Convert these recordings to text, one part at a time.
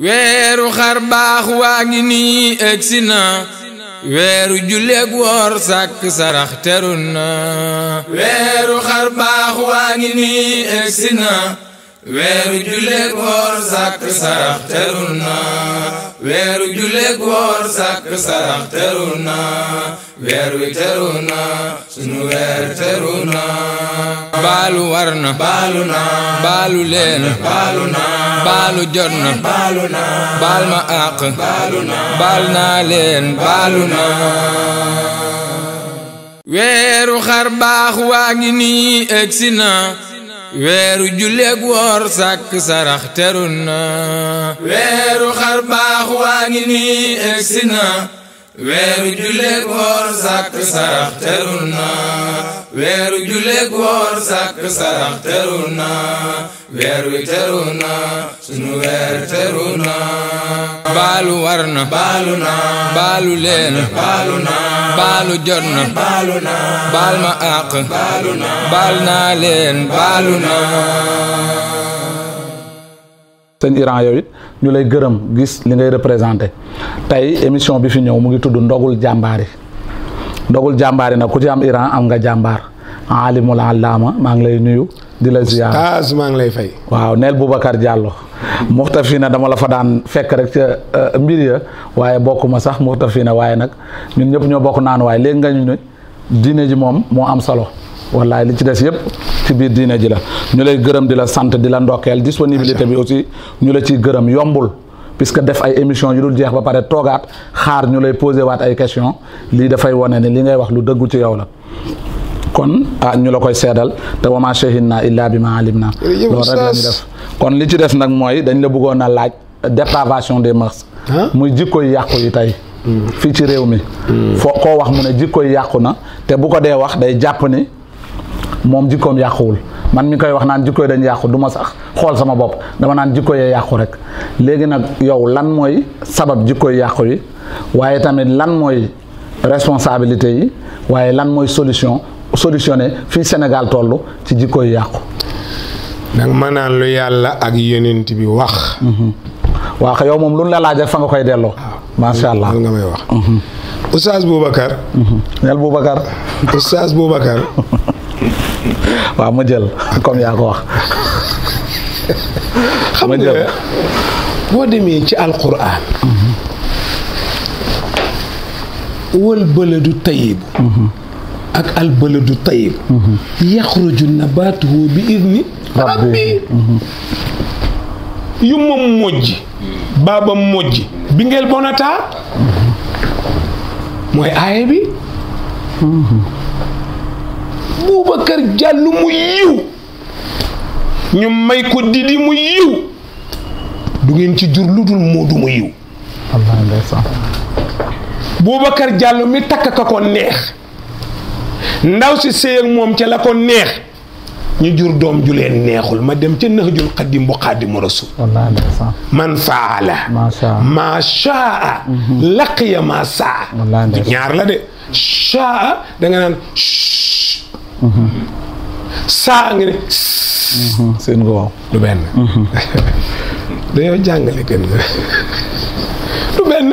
weeru xar baax waa ngi nii egsi na weeru julleeg woor sàkk sarax teru na weeru xar baax waa ngi nii egsi na weeru julleek woor sàkk sarax teru na weeru julleek woor sàkk sarax teru na weer wi teru na sunu weer teru na baalu war na baalu na leen baalu na jot na baal ma àq baalu na baal naa leen baalu na xar baax waa ngi nii egsi na weeru julleeg woor sàkk sarax teru na weeru xar baax waa ngi nii egsi na weeru julleek woor sàkk sarax teru na weeru julleek woor sàkk sarax teru na weer wi teru na sunu weer teru na baalu war na baalu na leen baalu na baalu jot na baalu na baal ma àq baal naa leen baalu na sëñ Iran yow it ñu lay gërëm gis li ngay représenté tey émission bi fi ñëw mu ngi tudd ndogul jàmbaari ndogul jàmbaari nag ku ci am Iran am nga jàmbaar laa allaama maa ngi lay nuyu di la ziar ustaas maa ngi lay fay waaw neel Boubacar Diallo muxtafina dama la fa daan fekk rek ca euh, mbir ya waaye bokkuma sax na waaye nag ñun ñëpp ñoo bokk naan waaye léegi nga ñu ne diine ji moom moo am solo wallaay li ci des yëpp ci biir diine ji la ñu lay gërëm di la sant di la ndokkeel disponibilité bi aussi ñu la ciy gërëm yombul puisque def ay émission yu dul jeex ba pare toogaat xaar ñu lay posé waat ay question lii dafay wone ne li ngay wax lu dëggu ci yow la kon ah ñu la koy seedal te wama shahidna illa bi ma alim naa loolu rek la ñu def kon li ci des nag mooy dañ la bëggoon a laaj dépravation des mœurs muy jikko yi yàqu yi tey hmm. fii ci réew mi hmm. foo wax mu ne jikko yi yàqu na te bu ko dee wax day jàpp ni moom jikkoom yàquwul man mi koy wax naan jikko yi dañ yàqu du ma sax xool sama bopp dama naan jikko yàqu rek léegi nag yow lan mooy sabab jikko yàqu yi waaye tamit lan mooy responsabilité yi waaye lan mooy solution solutionné fii Sénégal toll ci jikko yàqu nag ma naan lu yàlla ak yonent bi wax mhm. waaw yow moom lu la laaj ak fa nga koy delloo ah, macha allah nga may wax mhm. Oustaz Boubacar yàlla mhm. Boubacar Oustaz Boubacar waaw ma jël comme yaa ko wax. xam nga boo demee ci alquran. wal baladu tayibu ak al baladu tayibu yaxruju nabaatuhu bi idni rabbi yu ma mojj baaba mojj bi ngeel bonataa mooy aaye bi Abubakar Diallo mu yiw ñu may ko didi mu yiw du ngeen ci jur ludul moodu mu yiw abubakar Diallo mi tak ka ko neex ndaw ci sey ak moom ci la ko neex ñu jur dom ju len neexul ma dem ca nahjul qadim bu qadim rasul man faala ma shaa mhm. laqiya ma saa ñaar la de shaa da nga nan saa nga ne. Mhm. seen nga waaw du benn. Mhm. dañoo jàngale kenn du benn.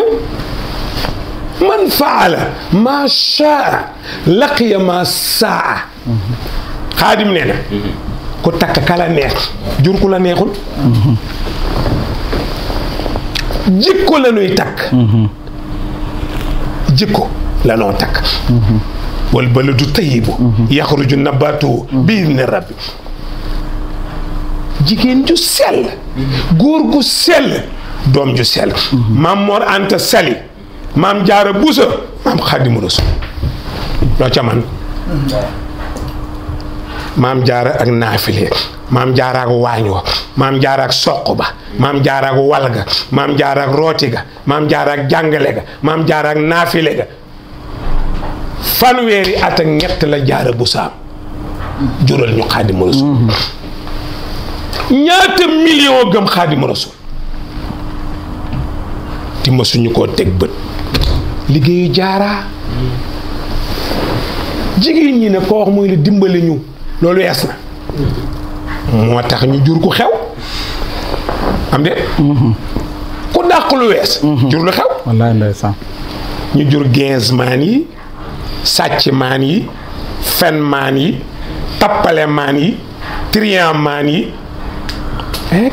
man faala maa shaa laqiya maa saa xaadim nee na mhm. ku takk kala neex jur ku la neexul jikko la takk jikko la takk والبلد الطيب يخرج نباته بإذن ربي jigéen ju sell góor gu sell doom ju sell mhm. maam Mor Anta Sali maam Jaara Buso maam Xaadimu Rasul loo ca man maam jaara ak naafile maam jaara ak waañ wa maam jaara ak soq ba maam jaara ak walga maam jaara ak rooti ga maam jaara ak jàngale ga maam jaara ak naafile ga fanweeri at ak ñett la jaara bu saam jural ñu xaadima rasul ñaata million gëm xaadima rasul ti suñu koo teg bët liggéeyu jaara jigéen ñi ne ko wax muy la dimbali ñu loolu yees na moo tax ñu jur ku xew am de mm-hmm. ku dàq lu wees mm-hmm. jur lu xew ñu jur gainsman yi sàcc maan yi fen maan yi tappale maan yi trian maan yi eh?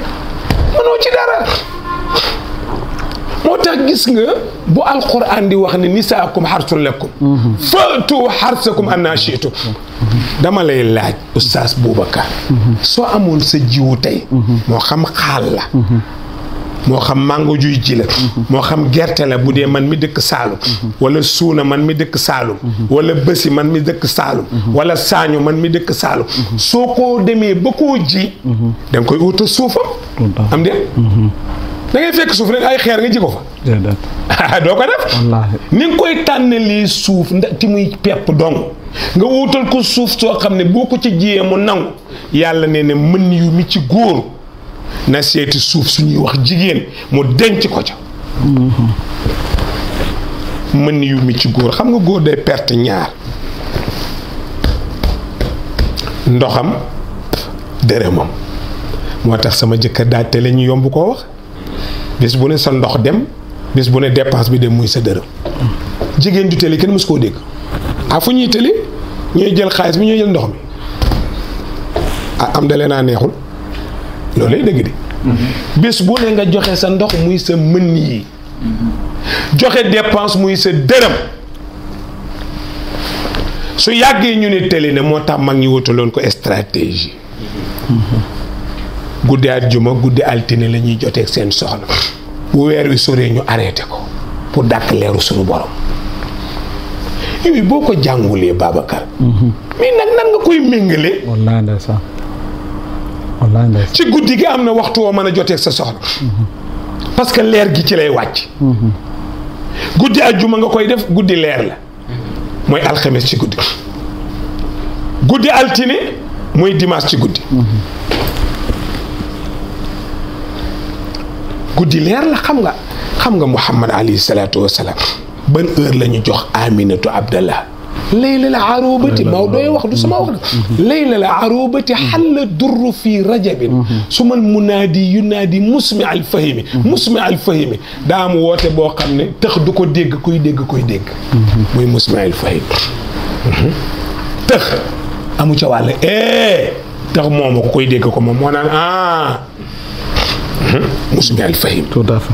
mënoo ci dara moo tax gis nga bu alquran di wax ne nisaakum xarsul lakum faatu xarsakum anna shiitu dama lay laaj oustaz Boubacar mhm. soo amoon sa jiwu tey mhm. moo xam xaal la mhm. moo xam màngo juy ji la moo xam gerte la bu dee man mi dëkk Saalum wala suuna man mi dëkk Saalum wala bësi man mi dëkk Saalum wala saañu man mi dëkk Saalum soo koo demee ba koo ji da koy uta suufam am de fekk suuf rek ay xeer nga ji ko fa doo ko def ni nga koy tànnalee suuf ndax ti muy pepp dong nga wuutal ko suuf soo xam ne boo ko ci jiyee mu nangu yàlla nee ne mën yu mi ci góor na seeti suuf su ñuy wax jigéen mu denc ko ca mën yu mi ci góor xam nga góor day perte ñaar ndoxam dërëmam moo tax sama jëkkër daaj te ñu yomb koo wax bis bu ne sa ndox dem bis bu ne dépense bi dem muy sa dërëm jigéen du tëli kenn mës koo dégg ah fu ñuy tëli ñooy jël xaalis bi ñooy jël ndox mi ah am da leen a neexul loolu lay dëgg di mhm. bés bu ne nga joxe sa ndox muy sa mën yi mhm. joxe dépense muy sa dërëm su yàggee ñu ne tëli na moo tax mag ñu wutaloon ko stratégie mhm. guddi juma guddi altine la ñuy jotee seen soxla bu weer wi soree ñu arrêté ko pour dàkk leeru suñu borom yooyu boo ko jàngulee Babacar mais nag nan nga koy méngale ci guddi gi am waxtu wo meuna a sa soxla parce que leer gi ci lay wàcc guddi aljuma nga koy def guddi leer la mooy alxames ci guddi guddi altine moy dimanche ci guddi guddi leer la xam nga xam nga muhammad ali salaatu wasalaam ban heure lañu jox aminatu abdallah ليل العروبة مودو يوخ دو سما وخ ليل العروبة حل الدر في رجب ثم المنادي ينادي مسمع الفهم مسمع الفهم دام ووتي بو خامني تخ دوكو ديغ كوي ديغ كوي ديغ موي مسمع الفهم تخ امو تشا والا اي تخ مومو كوي ديغ كو مومو نان نعم. اه مسمع الفهم تو دافا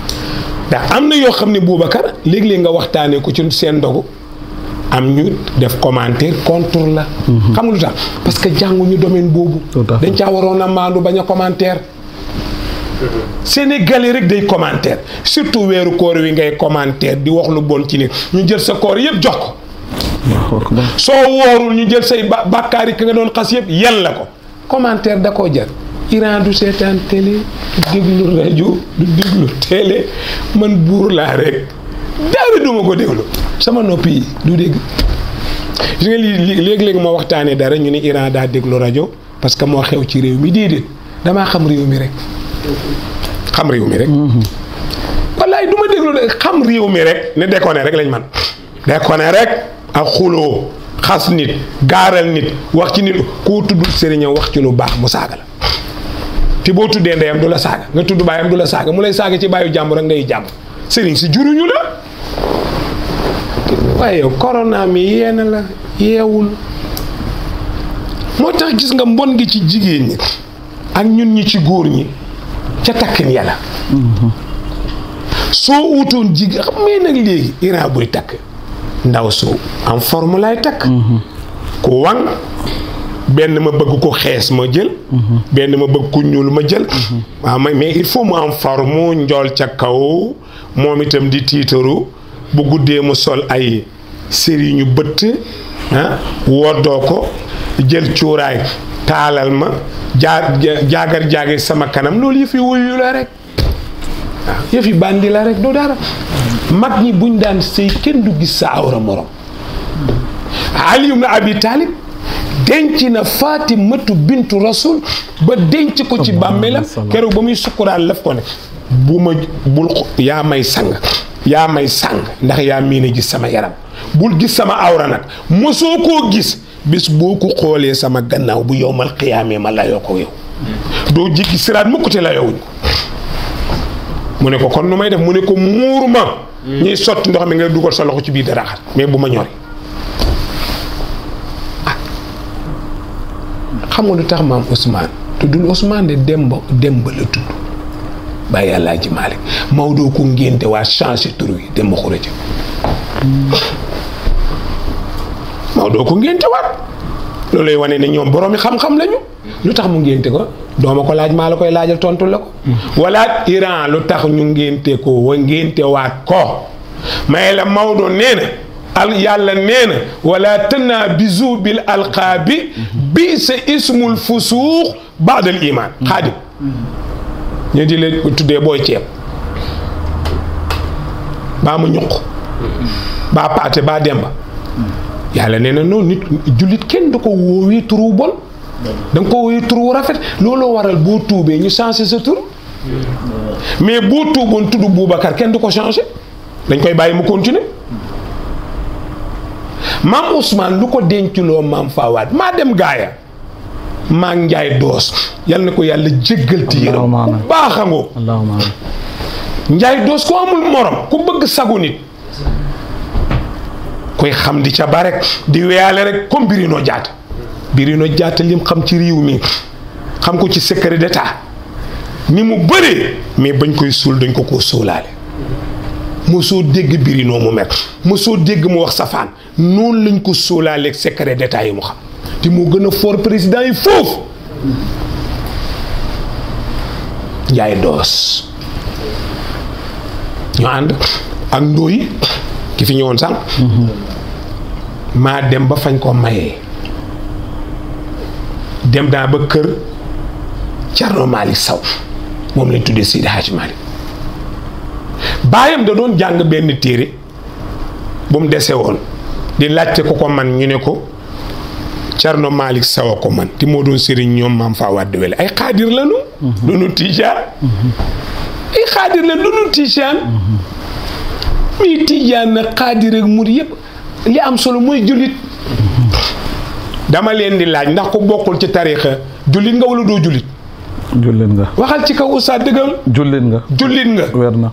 دا امنا يو خامني بوبكر ليغ لي nga waxtane ko ci sen am ñu def commentaire contre la. Mhm. xam nga lu tax parce que jànguñu domaine boobu. dañ caa waroon a maandu bañ a commentaire. Sénégalais rek day commentaire surtout weeru koor wi ngay commentaire di wax lu bon ci nit ñu jël sa koor yëpp jox ko. soo woorul ñu jël say bàkkaar yi ki nga doon xas yëpp yal la ko commentaire da koo jar Iran du seetaan télé du déglu rajo du déglu télé man buur laa rek. dara du ma ko déglu sama nopp yi du dégg léegi léeg-léeg ma waxtaanee dara ñu ni Iran daa déglu rajo parce que moo xew ci réew mi déedéet damaa xam réew mi rek xam réew mi rek. wallaay xam réew mi rek ne déconné rek lañ man déconné rek ak xuloo xas nit gaaral nit wax ci nit koo tudd sëriñam wax ci lu baax mu saaga la te boo tuddee ndeyam du la saaga nga tudd baayam du la saaga mu lay saaga ci baayu jàmbur rek ngay jàmbur sëriñ si juruñu la. waaye yow corona mi yeena la yeewul moo tax gis nga mbon gi ci jigéen ñi ak ñun ñi ci góor ñi ca takkin yàlla soo utoon jigéen xam nga nag léegi Iran buy takk ndaw soo am forme lay takk ku waŋ benn ma bëgg ko xees ma jël benn ma bëgg ku ñuul ma jël waaw mais il faut mu am forme njool ca kaw moom itam di tiitaru bu guddee mu sol ay sëriñu bëtt ah woddoo ko jël cuuraay taalal ma jaar jaagar jaage sama kanam loolu yëf yi wuyu la rek waaw bàndi la rek doo dara mag ñi buñ daan sëy kenn du gis sa awra morom Ali ibn Abi Talib denc na Fatimatu bintu Rasul ba denc ko ci bàmmeelam keroog ba muy sukkuraan laf ko ne buma bul ya may sang ya may sang ndax ya mine gis sama yaram bul gis sama awra nak gis bis boku xole sama gannaaw bu yowmal qiyamé ma la yoko yow doo jéggi siraat mukk te la yow muné ko kon numay def muné ko muruma ñi ndox mi nga duggal sa loxo ci bi dara mais buma ñor ah. lu tax Ousmane tudul Ousmane de dembo dembe la bàyyi Alaaji Maalik Maodo ko ngénte waa changé tur wi dem ma xura ca Maodo ne ñoom boroomi xam-xam lañu lu tax mu ngénte ko dooma ko laaj maa la koy laajal tontu la ko walla Iran lu tax ñu ngénte ko wa ngénte waat ko may la Maodo nee na al yàlla nee na wala tënnaa bi zuubil alqaabi bi sa ismul fusuux baadal iman xaadim ñu di leen tuddee booy ceeb baa mu ñuq baa paate baa demba yàlla nee na noonu nit jullit kenn du ko wóowee turu bon da nga ko wóowee turu rafet looloo waral boo tuubee ñu changé sa tur mais boo tuuboon tudd Boubacar kenn du ko changé dañ koy bàyyi mu continuer maam Ousmane lu ko denculoo maam Fawad maa dem gaaya maa ngi njaay doos yal na ko yàlla jéggal ti yërëm bu baax a ngoo njaay doos ku amul morom ku bëgg sagu nit koy xam di ca ba rek di weyaale rek comme Birino Diatta Birino Diatta lim xam ci réew mi xam ko ci secret d'état ni mu bëree mais bañ koy suul dañ ko koo suulaale mosoo dégg Birino mu mel mosoo dégg mu wax safaan noonu lañ ko suulaaleeg secret d'état yi mu xam te mu gën a fort président yi foofu njaay doos ñu ànd ak ndóoyi ki fi ñëwoon sànq maa dem ba fañ koo mayee dem daa ba kër Thierno Malick Sow moom lañ tuddee Seydi Hadji Malick baayam da doon jàng benn téere bu mu dese woon di laajte ko ko man ñu ne ko Cerno Malick Sow ko man ti moo doon sëriñ ñoom maam faa wàdd wele ay xaadir lanu mhm. du nu tiijaan ay xaadir la du nu tiijaan muy mhm. tiijaan nag xaadir ak mur yëpp li am solo mooy jullit mhm. dama leen di laaj ndax ku bokkul ci tariixa jullit nga wala doo jullit jullit nga waxal ci kaw Oustaz dëggal jullit nga nga ah? weer na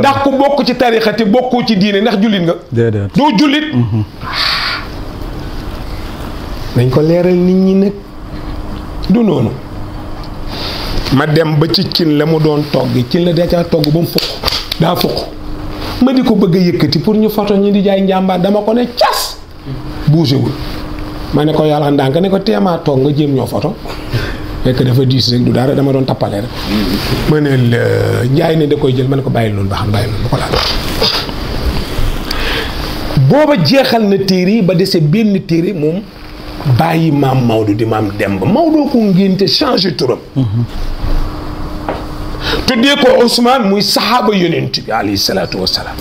ndax ku bokk ci tariixa te bokkoo ci diine ndax jullit nga doo jullit nañ ko leeral nit ñi nag du noonu ma dem ba ci cin la mu doon togg cin la da caa togg ba mu fukk daa fukk ma di ko bëgg a yëkkati pour ñu foto ñu di jaay njàmbaar dama ko ne cas bougéwul ma ne ko yàlla ndànk ne ko teemaa toog nga jéem ñoo foto fekk dafa diis rek du dara dama doon tappale rek ma ne la ne da koy jël ma ne ko bàyyil noonu ba xam bàyyil noonu booba jeexal na téere yi ba dese benn téere moom bàyyi maam Maodo di maam Demba Maodo ko ngénte changé turam tuddee ko Ousmane muy saxaaba yonent bi alayhi salaatu wasalaam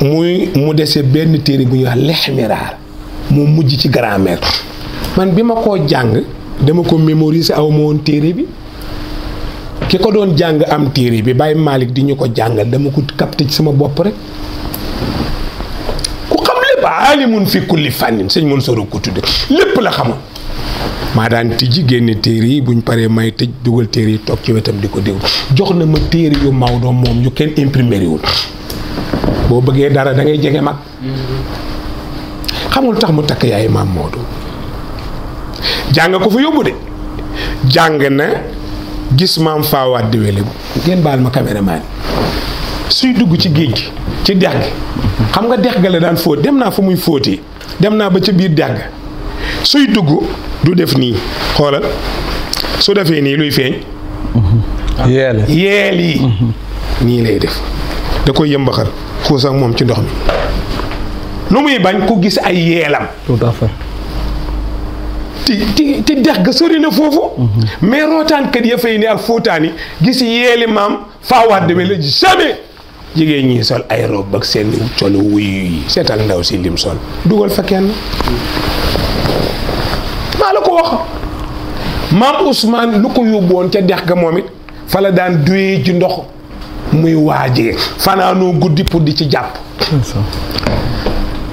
muy mu dese benn téere bu ñuy wax lexmiraar mu mujj ci grammaire man bi ma koo jàng dama ko mémoriser aw ma woon téere bi ki ko doon jàng am téere bi Baye Malick di ñu ko jàngal dama ko capté ci sama bopp rek ku xam lépp aalimun fi kulli fànnin sëñ Mansour ko tudde lépp la xamoon maa daan tijji génne téere yi buñ paree may tëj dugal téere yi toog ci wetam di ko déglu jox na ma téere yu Maodo moom yu kenn imprimé wul boo bëggee dara dangay jege mag xamul tax mu takk yaay maam Maodo jàng ko fa yóbbu de jàng na. gis maam faawaat di wele ngeen baal ma caméraman suy dugg ci géej gi ci dex gi xam nga dex ga la daan fóot dem naa fa muy fóotee dem naa ba ca biir dex ga suy dugg du def nii xoolal su defee nii luy feeñ yeel yeel nii lay def da koy yëmbaxal xuus moom ci ndox mi lu muy bañ ku gis ay yeelam te te te dex ga sori na foofu mais rootaankat ya fay ni ak fóotaani gis yeeli maam faawaat demee la jamais jigéen ñi sol ay rob ak seen colu wuy seetal ndaw si lim sol dugal fa kenn maa la ko wax maam Ousmane lu ko yóbboon ca dex ga moom it fa la daan duyee ci ndox muy waajee fanaanoo guddi pour di ci jàpp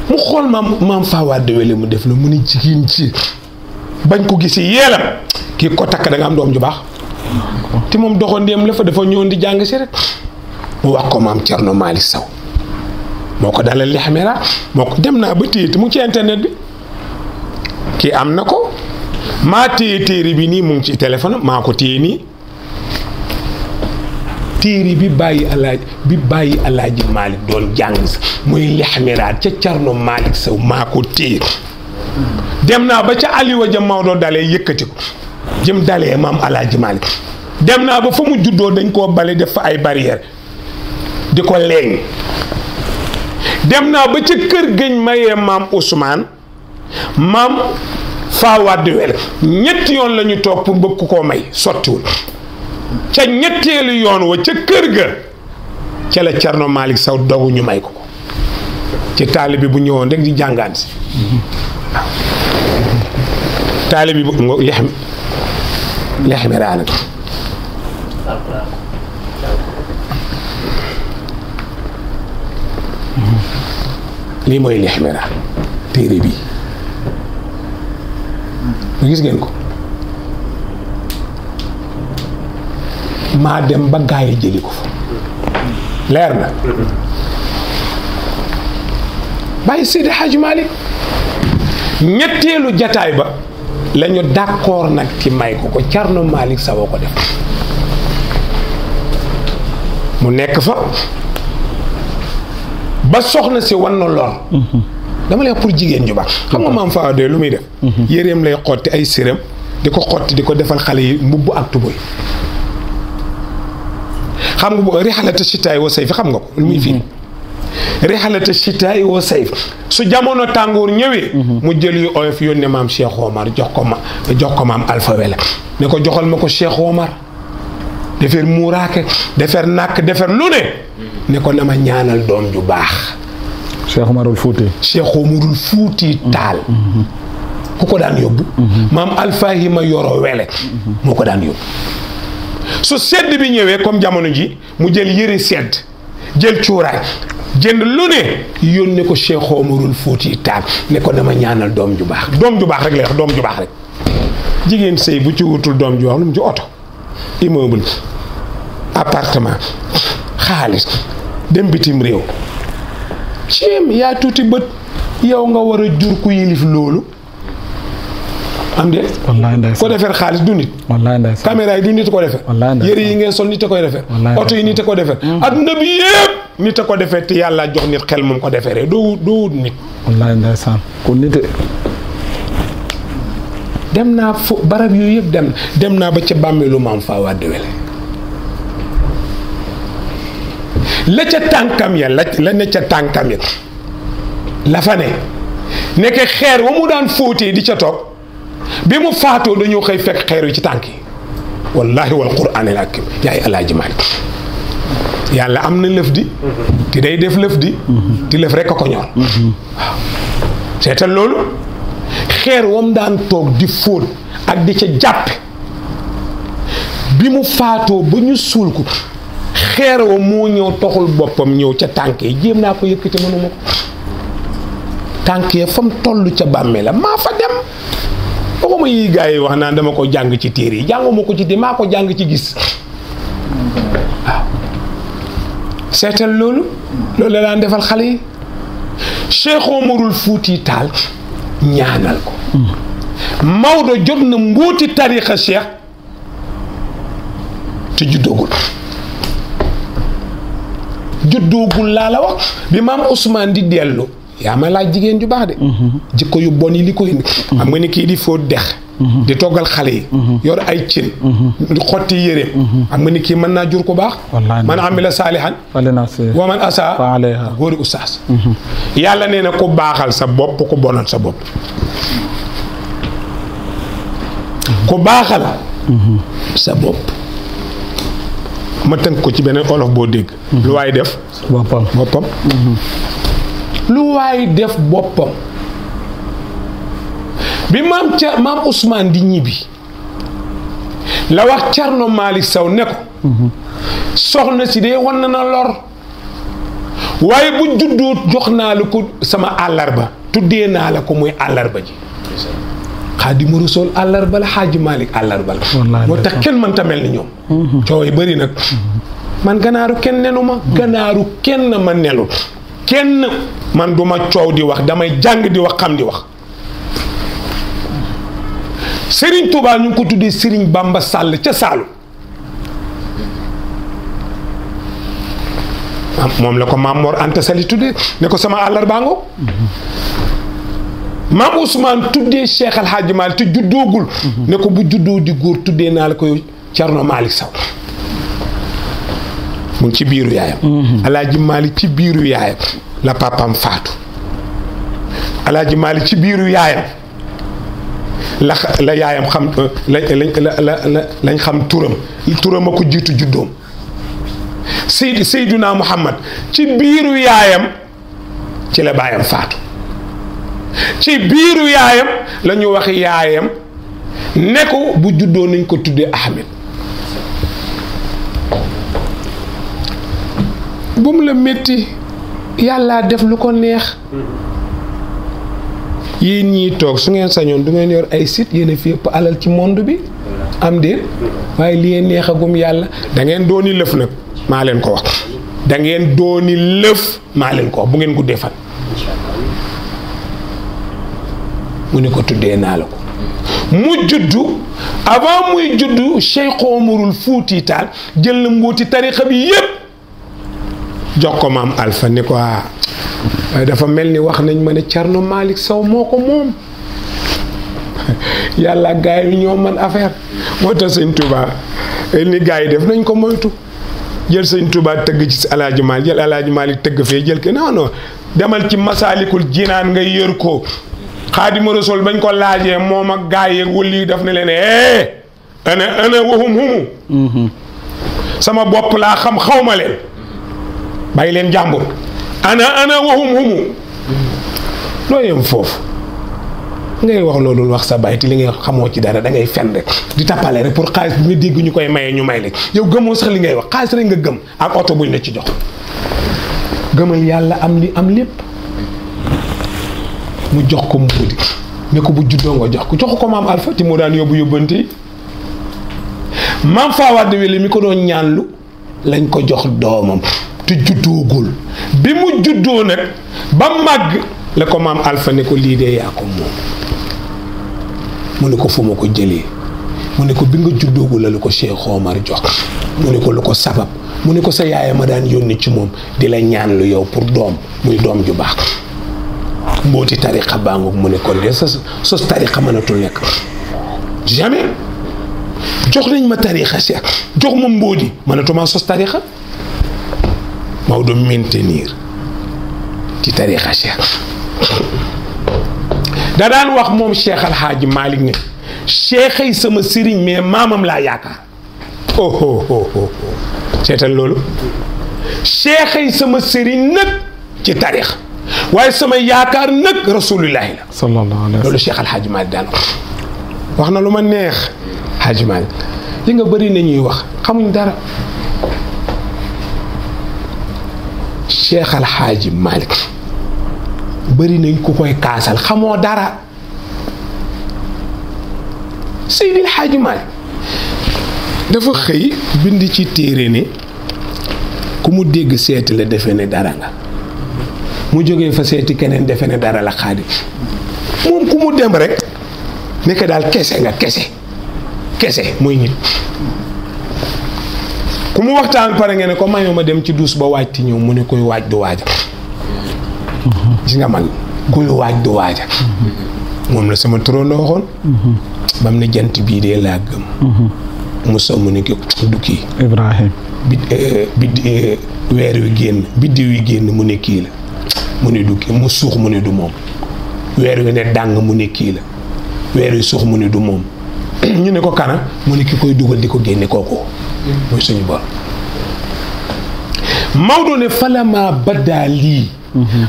mu xool maam maam faawaat demee la mu def la mu ne jigéen ci bañ ko gis yeelam kii ko takk da nga am doom ju baax te moom doxandéem la fa dafa ñëwoon di jàng si rek mu wax dem naa ba téye te na ko maa téere bi nii mu ngi ci téléphone maa ko bi bàyyi alaaj bi jàng si muy li xamera ca Thierno Malick maa ko téye dem naa ba ca aliwa ja Maodo dalee yëkkati ko jëm dalee maam alaaji dem naa ba fa mu juddoo dañ koo bale def ay barrière di ko leeñ dem naa ba ca kër gëñ mayee maam Ousmane maam faawaat di wel ñetti koo may sottiwul ca ñetteelu yoon wa ca kër ga ca la Cerno Malick Sow ñu may ko ko ci taalibe bi bu ñëwoon rek di jàngaan si taalib yi nga yax yax mi raana lii mooy lixmira téere bi lu gis ngeen ko maa dem ba gaay yi jëli ko fa leer na bàyyi Seydi Hadj Malick ñetteelu jataay ba la ñu d'accord nag ci may ko ko Thierno Malick ko def mu nekk fa ba soxna si wan na lor dama lay wax pour jigéen ju baax xam nga maam faa de lu muy def yéreem lay xotti ay séram di ko xotti di ko defal xale yi mbubb ak tubëy xam nga bu rixalata sitaay wa fi xam nga ko lu muy fii rihalata shitaa'i wa sayf su jamono tàngoor ñëwee mhm. mu jël yu oyof yónnee maam Cheikh Omar jox ko ma jox ko maam Alpha Wele ne ko joxal ma ko Cheikh Omar defar muuraake defar nàkk defar lu ne mhm. ne ko na ma ñaanal doom ju baax Cheikh Omarul Fuuti mhm. Taal ku ko daan yóbbu maam ma Yoro Wele moo ko daan yóbbu su sedd bi ñëwee comme jamono ji mu jël yëre sedd jël cuuraay jënd lu ne yónne ko Cheikh Omarul Fouti Tall ne ko dama ñaanal doom ju baax doom ju baax rek lay wax doom ju baax rek jigéen sëy bu ci wutul doom ju baax lu mu ci oto immeuble appartement xaalis dem bitim réew ceem yaa tuuti bët yow nga war a jur ku yilif loolu am de wallaay ndeysaan ko defee xaalis du nit wallaay ndeysaan caméra du nit ko defee wallaay ndeysaan yi ngeen sol nit a koy defar oto yi nit a ko defar mm. adduna bi yëpp nit a ko defar te yàlla jox nit xel moom ko defaree doo doo nit wallaay ndeysaan ku nit dem naa yooyu yëpp dem dem naa ba ca bàmmeelu maam faa waa ca tànkam ya la la ca tànkam ya la fa ne nekk xeer wa mu daan fóotee di ca toog bi mu faatoo dañoo xëy fekk xeer wi ci tànk yi wallahi wal quraan al hakim yaay alaaji Maalik yàlla am na lëf di te day def lëf di te lëf rek a ko ñor seetal loolu xeer wam daan toog di fóot ak di ca jàppe bi mu faatoo ba ñu suul ko xeer wa moo ñëw toxul boppam ñëw ca tànk yi jéem naa ko yëkkati mënuma ko tànk ya fa mu toll ca bàmmee la maa fa dem ba ma yi yi wax naa dama ko jàng ci téere yi jànguma ko ci téere maa ko jàng ci gis waaw seetal loolu loolu la daan defal xale yi Cheikh Omarul Fuuti Taal ñaanal ko Maodo jot na mbóoti tariixa Cheikh te juddoogul juddoogul laa la wax bi maam Ousmane di dellu yaa ma jigéen ju baax de. Mhm. jikko yi li ko indi. Mhm. xam nga ni di fóot dex. Mhm. di yor xotti yére. xam nga kii mën naa jur ku baax. man amila saalihan. wa man yàlla nee na ku baaxal sa bopp ku bonal sa bopp. ku baaxal. sa bopp. ma tënk ko ci beneen olof boo dégg. lu waay def. boppam boppam. lu waay def boppam bi maam car maam Ousmane di ñibbi la wax Thierno Malick Sow ne ko mhm. soxna si dee wan na lor waaye bu juddu jox naa la ko sama àllarba tuddee naa la ko muy àllarba ji xaadimu rasul àllarba la xaaji Malick àllarba la moo tax kenn mënta mel ni ñoom mhm. coow yi bëri nag mhm. man ganaaru kenn nenu ma ganaaru kenn ma nelut kenn man du ma coow di wax damay jàng di wax xam di wax sëriñ Touba ñu ngi ko tuddee Serigne bàmba sàll ca Saalum ah, moom la ko maam Mor Anta Sali tuddee ne ko sama àllarba ngo maam Ousmane tuddee Cheikh Al Hadj te juddoogul mm-hmm. ne ko bu juddoo di góor tuddee naa la ko Thierno Malick Sow ci biiru yaayam mm-hmm. alaaji maali ci biiru yaayam la papam faatu ci biiru yaayam la yaayam xam euh, xam turam turam a ko jiitu juddoom Seyd Seyduna Muhammad ci biiru yaayam ci la baayam faatu ci biiru yaayam la ñu wax yaayam ne bu juddoo nañ ko tuddee Ahmed bu mu la métti yàllaa def lu ko neex yéen ñii toog su ngeen sañoon du ngeen yor ay sit yéen fi ëpp alal ci monde bi am déet waaye li ngeen neexagum yàlla dangeen ngeen dooni lëf nag maa leen ko wax da dooni lëf maa leen ko wax bu ngeen guddee fan mu ne ko tuddee naa la ko mu juddu avant muy juddu Cheikh Omarul Fuuti jël na mbooti tarixa bi yépp jox ko maam Alpha ni ko ah, dafa mel ni wax nañ ma ne Thierno Malick Sow moo ko moom yàlla gars yi ñoo man affaire moo tax sëñ Touba ni gars yi def nañ ko moytu jël sëñ Touba tëgg ci alaaji Maalik jël alaaji Maalik tëgg fee jël ke non demal ci masaalikul jinaan nga yër ko xaadima rasul bañ ko laajee moom ak gars yi wël yi daf ne leen eh ana ana waxum humu mm-hmm. sama bopp laa xam xaw ma leen bàyyi leen jàmbur ana ana waxum xumu loo yem foofu ngay wax loolu wax sa baay li ngay xamoo ci dara da ngay fen rek di tapale rek pour xaalis bi nga dégg ñu koy maye ñu may la yow gëmoo sax li ngay wax xaalis rek nga gëm ak oto buñ la ci jox gëmal yàlla am li am lépp mu jox ko mbuudi ne ko bu juddoo nga jox ko jox ko maam Alpha ti moo daan yóbbu yóbbante yi mi ko doon ñaanlu lañ ko jox doomam te juddoogul bi mu juddoo nag ba màgg la ko maam Alpha ne ko lii dee yaa ko moom mu ne ko fu ma ko jëlee mu ne ko bi nga juddoogul la lu ko Cheikh Omar jox mu ne ko lu ko sabab mu ne ko sa yaay ma daan yónni ci moom di la ñaan lu yow pour doom muy doom ju baax mbooti tariqa baa ngoog mu ne kon de sa sos tariqa mënatul nekk jamais jox nañ ma tariqa si jox ma mbóodi mënatuma sos tariqa Maodo maintenir ci tarixa cheikh da daan wax moom cheikh alxaaji Malick ne cheikh ay sama sëriñ mais maamam laa yaakaar oh oh oh seetal loolu cheikh ay sama sëriñ nag ci tarix waaye sama yaakaar nag rasulullahi la sallallahu alayhi loolu cheikh alxaaji Malick daan wax wax na lu ma neex xaaji Malick li nga bëri na ñuy wax xamuñ dara Cheikh Al Hadji Malick nañ ku koy kaasal xamoo dara Seydi Al Hadji Malick dafa xëy bind ci téere ne ku mu dégg seeti la defe ne dara la mu jóge fa seeti keneen defe ne dara la xaadim moom ku mu dem rek nekk daal kese nga kese kese mooy nit ku mu waxtaan pare ngeen ne ko mayoo ma dem ci duus ba waaj ti ñëw mu ne kuy waaj du waaja gis nga man kuy waaj du waaja moom la sama turandoo waxoon bam ne jant bii dee laa gëm mu ne ko du eh, eh, génn biddiw wi génn mu ne kii la mu ne du kii mu suux mu ne du moom weer wi ne dàng mu ne kii la weer wi suux mu ne du moom ñu ne ko kana mu ne ki koy dugal di ko génne kooku mooy suñu borom Maodo ne falama badaa lii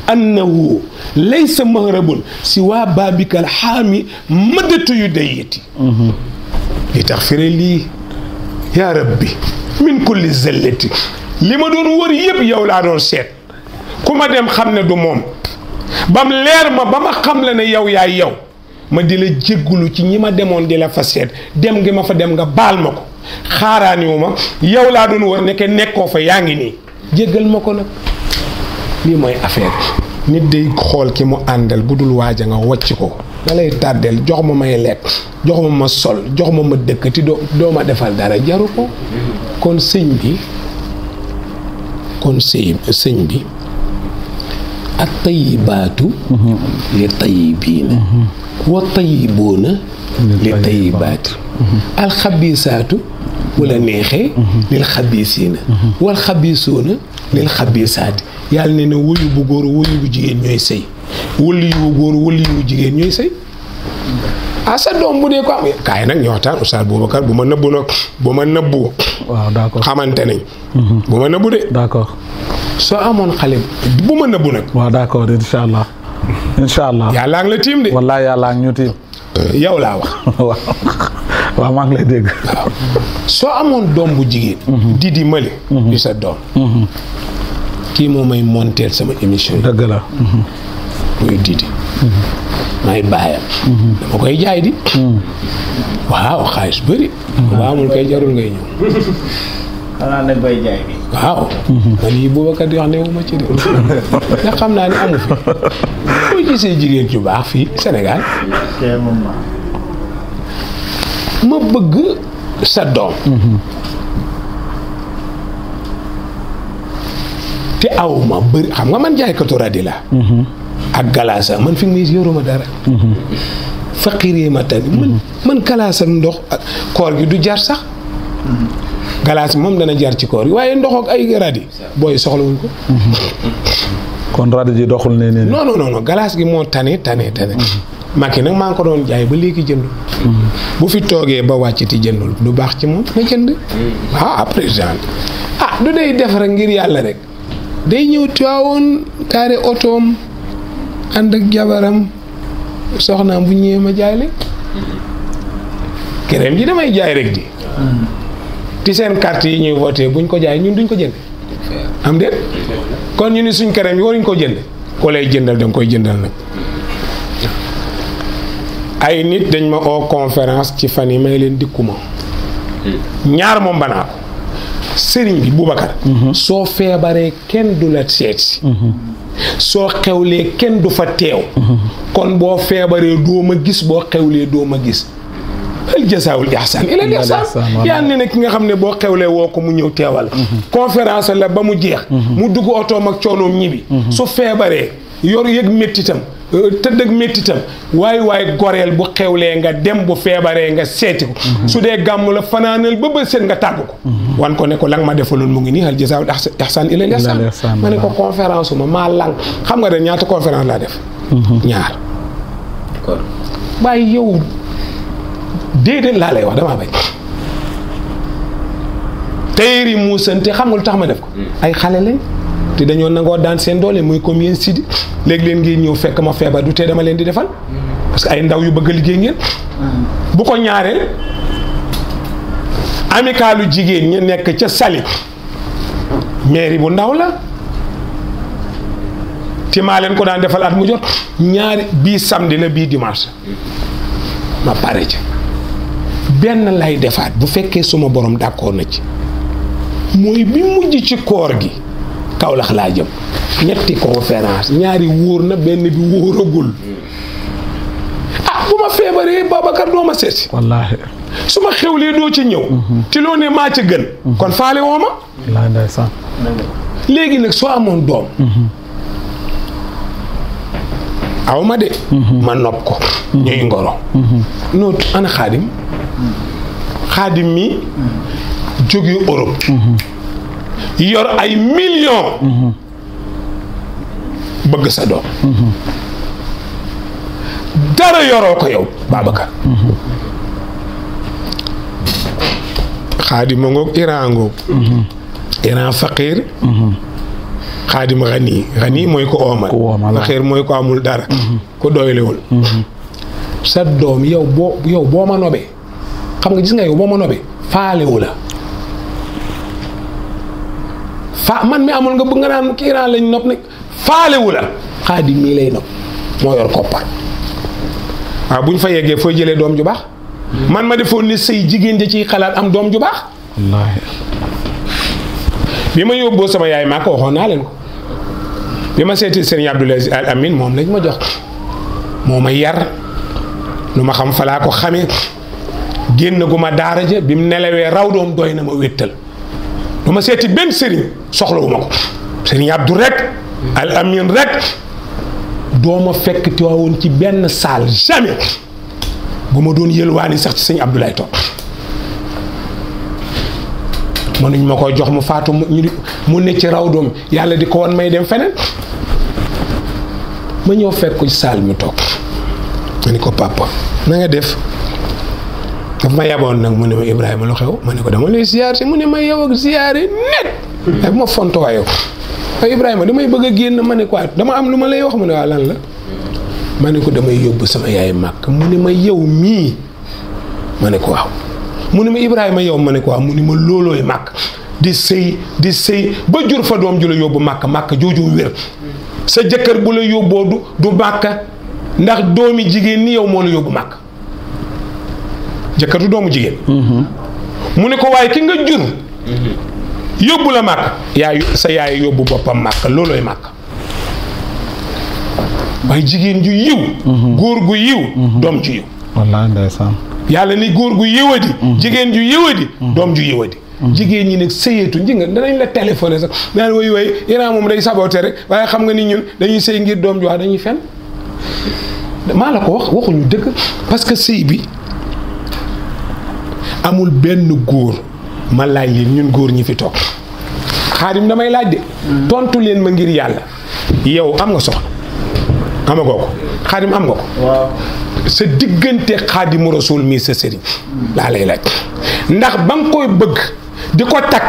annahu laysa mahrabun si waa baabikal xaami madatu yu dayiti li tax fire lii yaa rabbi min kulli zallati li ma doon wër yëpp yow laa doon seet ku ma dem xam ne du moom bam leer ma ba ma xam la ne yow yaa yow ma di la jéggulu ci ñi ma demoon di la fa seet dem ngi ma fa dem nga baal ma ko xaaraaniwu ma yow laa doon war nekke nekkoo fa yaa ngi nii jéggal ma ko nag lii mooy affaire nit day xool ki mu àndal bu dul waaja nga wàcc ko da lay tàddeel jox ma may lekk jox ma ma sol jox ma ma dëkk ti doo doo defal dara jaru ko kon sëñ bi kon sëy sëñ bi ak tayibaatu mhm. li tayibiina mhm. wa tayiboona li tayibaati alxabisaatu wala neexee lil xabisiina wal xabisuuna lil xabisaati yàlla ne ne wuyu bu góor wuyu bu jigéen ñooy sëy wëlli yu góor wëlli yu jigéen ñooy sëy ah sa doom bu dee ko am kaay nag ñu waxtaan oustaz bu ma nëbbu nag bu ma nëbbu waaw d'accord xamante nañ mhm. bu ma nëbbu de d'accord soo amoon xale bu ma nëbbu nag waaw d'accord incha allah incha allah yàllaa ngi la tiim de wallaay yàllaa ngi ñu tiim yow laa wax waaw maa ngi lay dégg. soo amoon doom bu jigéen. Mhm. Didi Mali. di mhm. sa doom. Mhm. kii moo may monteel sama émission yi. dëgg la. muy Didi. may baayam. dama koy jaay di. waaw xaalis bëri. waaw amul kay jarul ngay ñëw. waaw. man yi Boubacar di wax ne wuma ci de. ndax xam naa ni amu fi. boo gisee jigéen ju baax fii senegal ma bëgg sa doom mhm. te aw ma xam nga man jaaykatu radi la mhm. ak galaasa man fi mu ne yoruma dara mhm. faqiree ma tamit man man galaas ak ndox ak koor gi du jar sax galaas moom dana jar ci koor gi waaye ndox ay radi booy soxlawuñ ko kon radi ji doxul ne ne non non galaas gi moo tane tane tane Macky nag maa ngi ko doon jaay ba léegi jënd. bu fi toogee ba wàcc ti jëndul du baax ci moom na jënd. Mm. ah président ah du day def ngir yàlla rek. day ñëw Tiwaawoon taare otoom ànd ak jabaram soxnaam bu ñuy ma jaay leen. keneen ji damay jaay rek di. ti seen carte yi ñuy voté buñ ko jaay ñun duñ ko jënd. am déet kon ñu ni suñ kerem yi waruñ ko jënd. ko lay jëndal danga koy jëndal nag. ay nit dañ ma oo conférence ci fan yi may leen dikkuma ñaar moom banaa ko sëriñ bi bu Boubacar mhm. soo feebaree kenn du la seetsi mhm. soo xewlee kenn du fa teew mhm. kon boo feebaree doo ma gis boo xewlee doo ma gis al jasaawul ihsaan ilal ihsaan ki nga xam ne boo xewlee woo ko mu ñëw teewal conférence la ba mu jeex mu dugg otoom ak coonoom ñibi su feebaree yor yëg méttitam euh, tëdd ak méttitam waaye waay goreel bu xewlee nga dem bu feebaree nga seeti ko mhm. su dee gàmm la fanaanal ba bët seen nga tàgg ko mhm. wan ko ne ko lang ma defaloon mu ngi nii hal jazaa'ul ihsaan illal ihsaan ma ne ko conférence uma maa lang xam nga de ñaata conférence laa def mhm. ñaar waaye yow déedéet laa lay wax damaa bañ teyri muusante xam nga lu tax ma def ko mm. ay xale lañ te dañoo nangoo daan seen doole muy comme yéen Sidi léegi leen ngeen ñëw fekk ma feebar du tee dama leen di defal parce que ay ndaw yu bëgg a liggéey ngeen. bu ko ñaaree amicalu jigéen ñi nekk ca Saly mairie bu ndaw la te maa ko daan defal at mu jot ñaari bii samedi la bii dimanche ma pare ci benn lay defaat bu fekkee suma borom d'accord na ci mooy bi mujj ci koor gi. Kaolack laa jëm ñetti conférence ñaari wóor na benn bi wóoragul ah bu ma feebaree Babacar doo ma seeti wallahi suma ma xewlee doo ci ñëw ci loo ne maa ci gën kon faale woo ma wallaahi ndeysaan léegi nag soo amoon doom aw ma de ma nopp ko ñuy ngoro noo ana xaadim xaadim mi jóge Europe yor ay millions. Mm-hmm. bëgg sa doom. dara yoroo ko yow Babacar. Mm-hmm. xaadima ngoog Iran ngoog. Mm-hmm. Iran faqiir. xaadim xani xani mooy ko oomal. ku mooy ko amul dara. ku doylewul. sa doom yow boo yow boo ma nobee xam nga gis nga yow boo ma nobee faalewu la. faa man mi amul nga bëgg nga naan kiiraan lañ nopp nag faalewu la xaadim mii lay nopp moo yor koppar waaw ah, bu ñu fa yeggee foo jëlee doom ju baax man ma defoon ni say jigéen ja ciy xalaat am doom ju baax bi ma yóbboo sama yaay maa ko waxoon naa leen ko bi ma seeti sëriñ Abdoulaye Al Amin moom lañ ma jox moo ma yar lu ma xam falaa ko xamee génn gu ma daara ja bi mu nelawee raw doom doy na ma wéttal du ma seeti benn sëriñ soxlawuma ko sëriñ Abdou rek al amin rek doo ma fekk teewoon ci benn saal jamais bu ma doon yëlwaani sax ci sëñ Abdoulaye Top mënuñ ma koy jox mu faatu ñu mu ne ci raw doom yàlla di ko wan may dem feneen ma ñëw fekk ko ci saal mi toog ma ni ko papa na nga def daf ma yaboon nag mu ne ma Ibrahima lu xew ma ne ko dama lay ziar si mu ne ma yow ak ziare net daf ma fontoo yow te damay bëgg a génn ma ne ko ah, dama am lu ma lay wax mu ne waa ah, la ma ne ko damay yóbbu sama yaay màkk mu ne ma yow mii ma ne ko waaw mu ne ma Ibrahima yow ma ne ko waaw mu ne ma loolooy màkk di sëy di sëy ba jur fa doom ju la yóbbu màkk màkk jooju wér sa jëkkër bu la yóbboo du du màkk ndax doomi jigéen ni yow moo la yóbbu màkk jëkkër doomu jigéen. mu ne ko waaye ki nga jur. yóbbu la màkk yaay sa yaay yóbbu boppam màkk loolooy màkk waaye jigéen ju yiw góor gu yiw doom ju yiw wallaahi yàlla ni góor gu yëwadi mm-hmm. jigéen ju yëwadi doom ju yëwadi mm-hmm. jigéen ñi ne sëyeetu ji nga danañ la téléphoné sax naan woy woy Iran moom day saboté rek waaye xam nga ni ñun dañuy sëy ngir doom ju wax dañuy fen maa la ko wax waxuñu dëgg parce que sëy bi amul benn góor ma laaj leen ñun góor ñi fi toog xaadim damay laaj de tontu leen ma ngir yàlla yow am nga soxna amagoo ko xaadim am nga ko sa diggante xaadimu rasul mii sa sëriñ laa lay laaj ndax ba nga koy bëgg di ko takk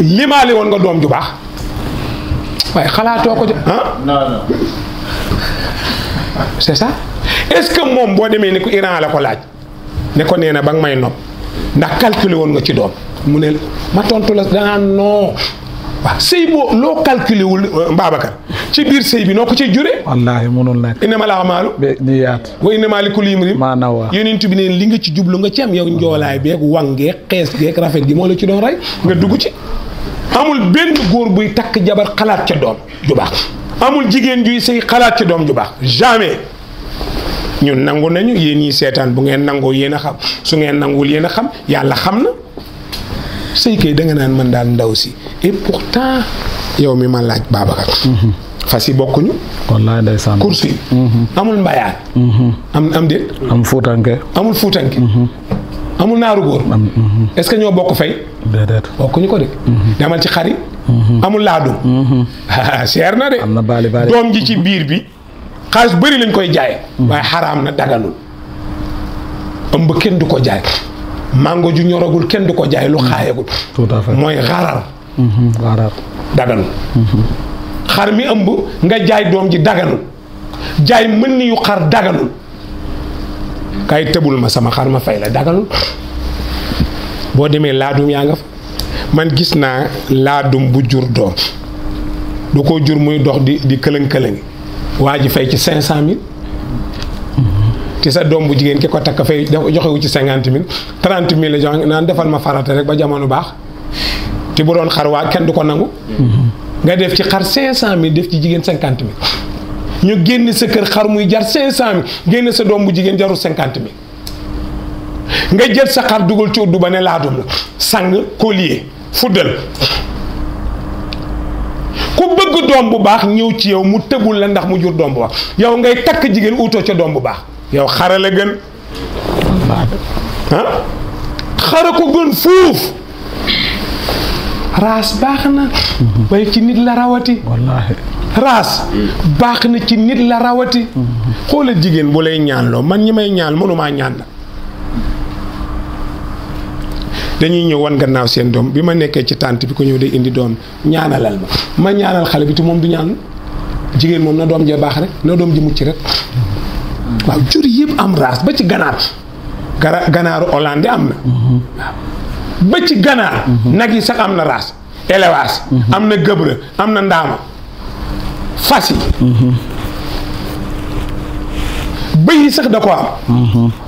limaale woon nga doom ju baax waaye xalaatoo ko ja ah non c'est ça est-ce que moom boo demee ne ko Iran la ko laaj ne ko nee na ba nga may nopp ndax calculer woon nga ci doom mu ne ma tontu la danaa ah, non waaw sëy boo loo calculer wul euh, ci biir sëy bi noo ko ciy jure. wallaahi mënul nekk. inna ma laa maalu. be ni yaat. wa inna maa li kulli imrin. maa nawaa yonent bi ne li nga ci jublu nga ci am yow njoolaay beeg wangeeg xees geeg rafet gi moo la ci doon rey nga dugg ci. amul benn góor buy takk jabar xalaat ca doom ju baax amul jigéen juy sëy xalaat ca doom ju baax jamais. ñun nangu nañu yéen ñii seetaan bu ngeen nangoo yéen a xam su ngeen nanguwul yéen a xam yàlla xam na sëy kay da nga naan mën daal ndaw si et pourtant yow mi ma laaj Babacar. Mhm. fas yi bokkuñu. wallaay ndeysaan. course yi. Mhm. amul mbayaan. Mhm. am am déet. am amul fuutanke. naaru góor. est-ce que ñoo bokk fay. déedéet bokkuñu ko de. demal ci xari. amul laadum. cher na de. doom ji ci biir bi. xaalis bari lañ koy jaay waaye xaraam na daganul ëmb kenn du ko jaay mango ju ñoragul kenn du ko jaay lu xaayagul mooy xarar mhm, xarar mhm. xar mi ëmb nga jaay doom ji daganul jaay mën ni yu xar daganul kay tëbul ma sama xar ma fay la daganul boo demee laadum yaa nga fa man gis naa laadum bu jur doom du ko jur muy dox di di këlëng waa ji fay ci cinq cent mille ti sa doom bu jigéen ki ko takk fay joxewu ci cinquante mille trente mille la jox naan defal ma farata rek ba jamono baax te bu doon xar waa kenn du ko nangu nga def ci xar cinq cent mille def ci jigéen cinquante mille ñu génn sa kër xar muy jar cinq cent mille génn sa doom bu jigéen jarul cinquante mille nga jël sa xar dugal ci uddu ba ne laadum la sang collier fuddal ku bëgg doom bu baax ñëw ci yow mu tëbul la ndax mu jur doom bu baax yow ngay takk jigéen utoo ca doom bu baax yow xara la gën ah ko gën fuuf raas baax na waaye ci nit la rawati raas baax na ci nit la rawati mm-hmm. xoola jigéen bu lay ñaan loo man ñi may ñaan mënumaa ñaan la dañuy ñëw wan gannaaw seen doom bi ma nekkee ci tànt bi ko ñëw day indi doon ñaanalal ma ma ñaanal xale bi ti moom du ñaan jigéen moom na doom jee baax rek na doom ji mucc rek waaw jur yépp am raas ba ci ganaar gara ganaaru Hollande am na waaw ci ganaar nag yi sax am na raas élevage am na gëbrë am na ndaama fas yi mhm. bëy yi sax da ko am mhm.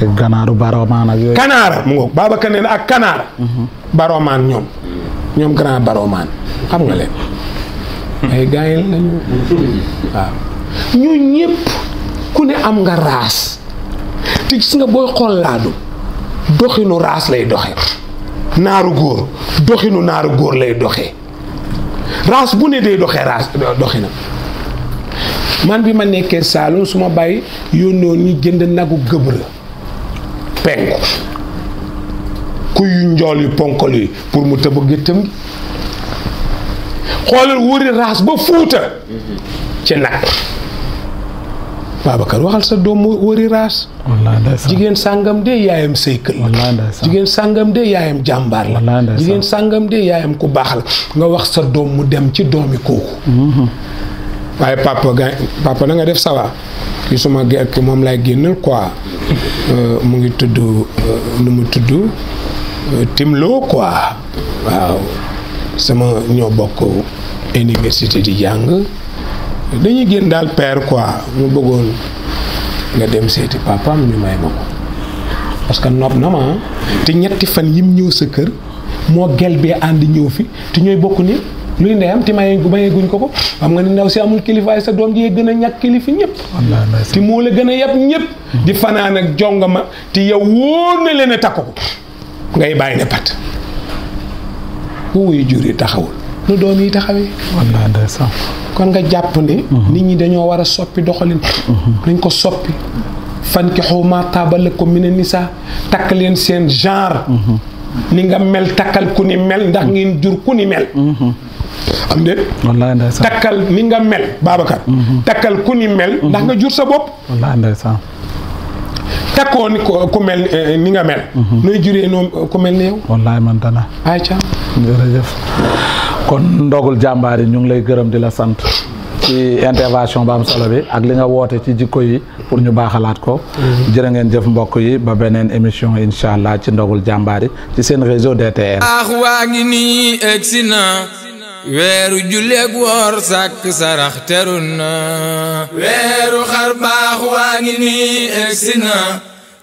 ganaaru baromaan ak ak kanaara. Mhm. baromaan ñoom. ñoom grand baromaan xam nga leen. ay gars lañu ñu ñëpp ku ne am nga raas te gis nga booy xool laadu doxinu raas lay doxe naaru góor doxinu naaru góor lay doxe raas bu ne day doxee raas doxinam man bi ma nekkee Saalum su ma bàyyi yónnoo ni jënd nagu gëb penku ku njool yu ponkal yi pour mu tëb a géttam gi xoolal wëri raas ba fuuta ci nag waxal sa doom wëri raas jigéen sàngam de yaayam saykal la jigéen sàngam de yaayam jàmbaar la jigéen sàngam de yaayam ku baaxal nga wax sa doom mu dem ci doomi kooku mhm. waaye papa ga papa na nga def sawa ki suma gekk moom lay génnal quoi euh, mu ngi tudd euh, nu mu tudd euh, timlo quoi waaw sama ñoo bokk université di jàng dañuy génn daal père quoi mu bëggoon nga dem seeti papa ñu may ma ko parce que nopp na ma te ñetti fan yim ñëw sa kër moo gel bee ànd ñëw fi te ñooy bokk ni luy ndeyam ti maye maye guñ ko ko xam nga ni ndaw si amul kilifaay sa doom ji gën a ñàkk kilifa ñëpp ti gën a yab ñëpp di fanaan ak jongama ti yow wóor na leen a takku ko ngay yi taxawul kon nga jàpp ne mhm. nit ñi dañoo war a soppi doxalin mhm. nañ ko soppi fan ki xawma taabale ko mi ne nisaa takk leen seen genre mhm. ni nga mel takkal ku ni mel ndax ngeen jur ku ni mel am déet wallaay ndeysaan takal mi nga mel Babacar mhm. takal ku ni mel mhm. ndax nga jur sa bopp wallaay ndeysaan takkoo ko ku mel eh, eh, ni nga mel mhm. nooy juree no ku mel ni wallahi wallaay man dana ay ca jërëjëf kon ndogul jambaari ñu ngi lay gërëm di la sante ci intervention ba am solo bi ak li nga woote ci jikko yi pour ñu baaxalaat ko jërë ngeen jëf mbokk yi ba benen émission inshallah ci ndogul jambaari ci seen réseau DTN. aax waa ngi nii egsi weeru julleeg woor sàkk sarax teru weeru xar baax waa ngi nii egsi na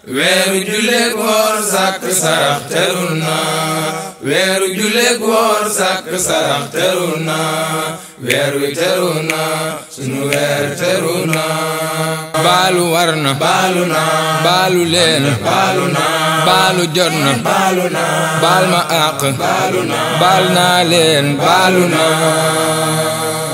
weeru julleek woor sàkk sarax terul naa weeru julleek woor sàkk sarax terul naa weer wi terul naa sunu weer terul naa baalu war na baalu naa baalu leen baalu naa baalu jot na baalu naa baal ma àq baalu naa naa leen baalu naa